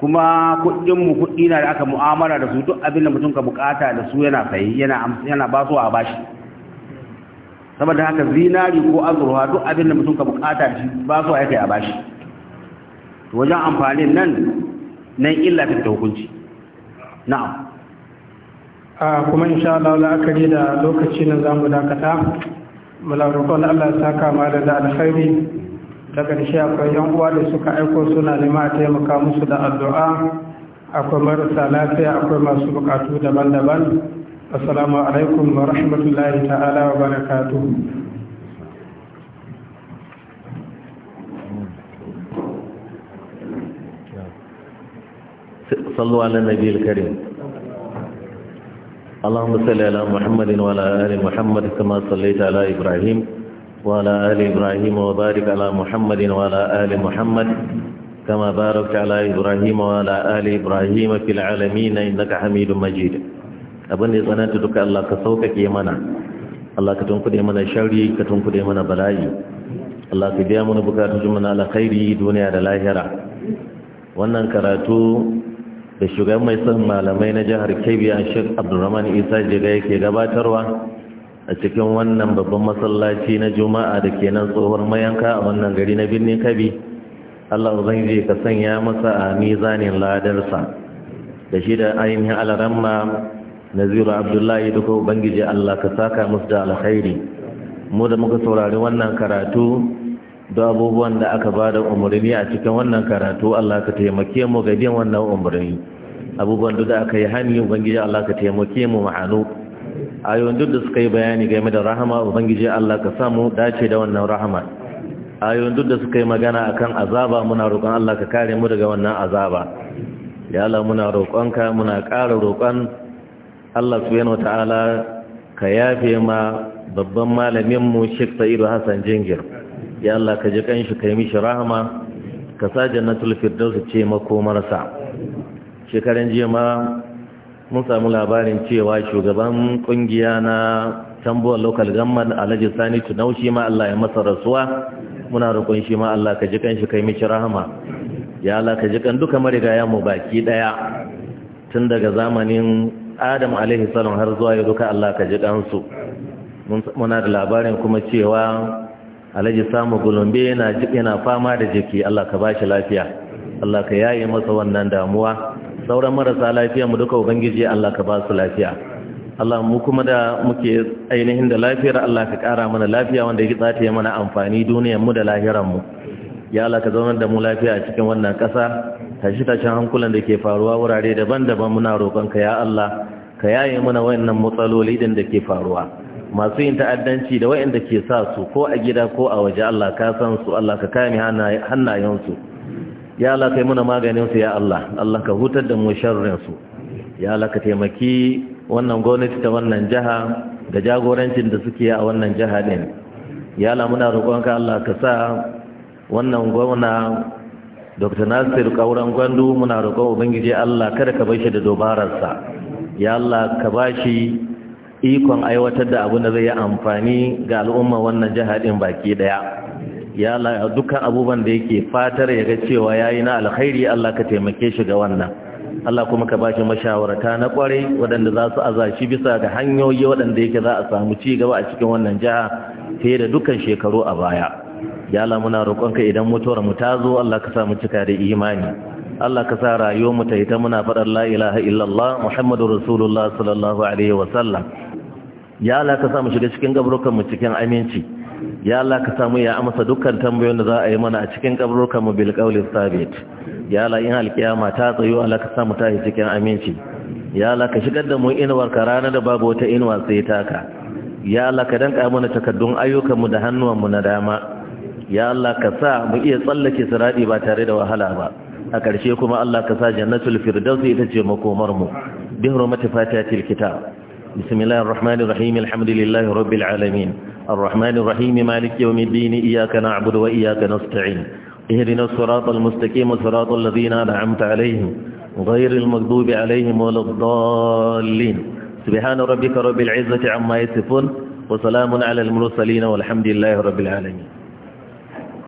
kuma kuɗinmu mu kuɗi na da aka mu'amala da su duk abin da mutum ka bukata da su yana sayi yana yana ba su a bashi saboda haka zinari ko azurwa duk abin da mutum ka bukata da shi ba su a kai a bashi to wajen amfanin nan nan illa ta da hukunci na'am a kuma insha Allah la'akari da lokaci na zamu dakata mulaurukon Allah ya saka ma da alkhairi ta ƙarshe akwai yan uwa da suka aiko suna nema a taimaka musu da addu'a akwai marasa lafiya akwai masu bukatu daban-daban assalamu alaikum wa rahmatullahi ta'ala wa barakatuhu صلوا على النبي الكريم اللهم صل على محمد وعلى ال محمد كما صليت على ibrahim. وعلى آل إبراهيم وبارك على محمد وعلى آل محمد كما باركت على إبراهيم وعلى آل إبراهيم في العالمين إنك حميد مجيد abin da ya tsananta duka Allah ka sauƙaƙe mana Allah ka tunkuɗe mana shari ka tunkuɗe mana bala'i Allah ka biya mana duniya da lahira wannan karatu da shugaban mai son malamai na jihar a Sheikh Abdulrahman Isa Jiga yake gabatarwa a cikin wannan babban masallaci na juma'a da ke nan tsohon mayanka a wannan gari na birnin kabi allah je ka sanya masa a mizanin ladarsa da shi da ainihin alaramma naziru abdullahi duka ubangiji allah ka saka musu da alkhairi mu da muka saurari wannan karatu da abubuwan da aka ba da umarni a cikin wannan karatu allah ka taimake mu ga bin wannan umarni abubuwan da aka yi hani ubangiji allah ka taimake mu ma'anu ayoyin duk da suka yi bayani game da rahama ubangiji Allah ka samu dace da wannan rahama ayoyin duk da suka yi magana akan azaba muna roƙon Allah ka kare mu daga wannan azaba ya Allah muna roƙonka muna ƙara roƙon Allah subhanahu wataala ka yafe ma babban malamin mu Sheikh Sa'idu Hassan Jingir ya Allah ka ji kanshi kai mishi rahama ka sa jannatul firdaus ce makomarsa shekaran jiya ma mun samu labarin cewa shugaban kungiya na tambuwar local a alhaji sani tunau shi ma Allah ya masa rasuwa muna rukun shi ma Allah ka ji kanshi kai mishi rahama ya Allah ka ji duka marigaya mu baki daya tun daga zamanin Adam alaihi salam har zuwa ya duka Allah ka ji su muna da labarin kuma cewa alhaji samu gulumbe yana fama da jiki Allah ka ba shi lafiya Allah ka yaye masa wannan damuwa sauran marasa lafiya mu duka ubangiji Allah ka ba su lafiya Allah mu kuma da muke ainihin da lafiyar Allah ka kara mana lafiya wanda yake zata yi mana amfani duniyar mu da lahiran mu ya Allah ka zaunar da mu lafiya a cikin wannan ƙasa tashi tashin hankulan da ke faruwa wurare daban-daban muna roƙon ka ya Allah ka yaye mana wayannan matsaloli din da ke faruwa masu yin ta'addanci da wayanda ke sa su ko a gida ko a waje Allah ka san su Allah ka kame hannayensu ya Allah kai muna maganin su ya Allah Allah ka hutar da mu sharrin su ya Allah ka taimaki wannan gwamnati ta wannan jiha da jagorancin da suke a wannan jiha din ya Allah muna roƙonka Allah ka sa wannan gwamna Dr. Nasir Kauran Gwandu muna roƙon ubangiji Allah kada ka bar shi da dobararsa ya Allah ka bashi ikon aiwatar da abin da zai yi amfani ga al'umma wannan jiha din baki daya ya dukkan abubuwan da yake fatar ya ga cewa yayi na alkhairi Allah ka taimake shi ga wannan Allah kuma ka bashi mashawarta na kwarai waɗanda za su azashi bisa ga hanyoyi waɗanda yake za a samu ci gaba a cikin wannan jiha yi da dukkan shekaru a baya ya Allah muna roƙonka idan mutuwar mu ta zo Allah ka sa mu cika da imani Allah ka sa rayuwar mu ta ita muna faɗar la ilaha illallah muhammadur rasulullah sallallahu alaihi wa sallam ya Allah ka sa mu shiga cikin gabrukan mu cikin aminci ya Allah ka samu ya amsa dukkan tambayoyin da za a yi mana a cikin kaburukan mu bil qawli sabit ya Allah in alkiyama ta tsayo Allah ka samu ta cikin aminci ya Allah ka shigar da mu inuwar ka ranar da babu wata inuwa sai taka ya Allah ka danka mana takaddun ayyukan mu da hannuwan mu na dama ya Allah ka sa mu iya tsallake siradi ba tare da wahala ba a ƙarshe kuma Allah ka sa jannatul firdaus ita ce makomar mu bi hurmati kitab بسم الله الرحمن الرحيم الحمد لله رب العالمين الرحمن الرحيم مالك يوم الدين إياك نعبد وإياك نستعين اهدنا الصراط المستقيم صراط الذين أنعمت عليهم غير المغضوب عليهم ولا الضالين سبحان ربك رب العزة عما يصفون وسلام على المرسلين والحمد لله رب العالمين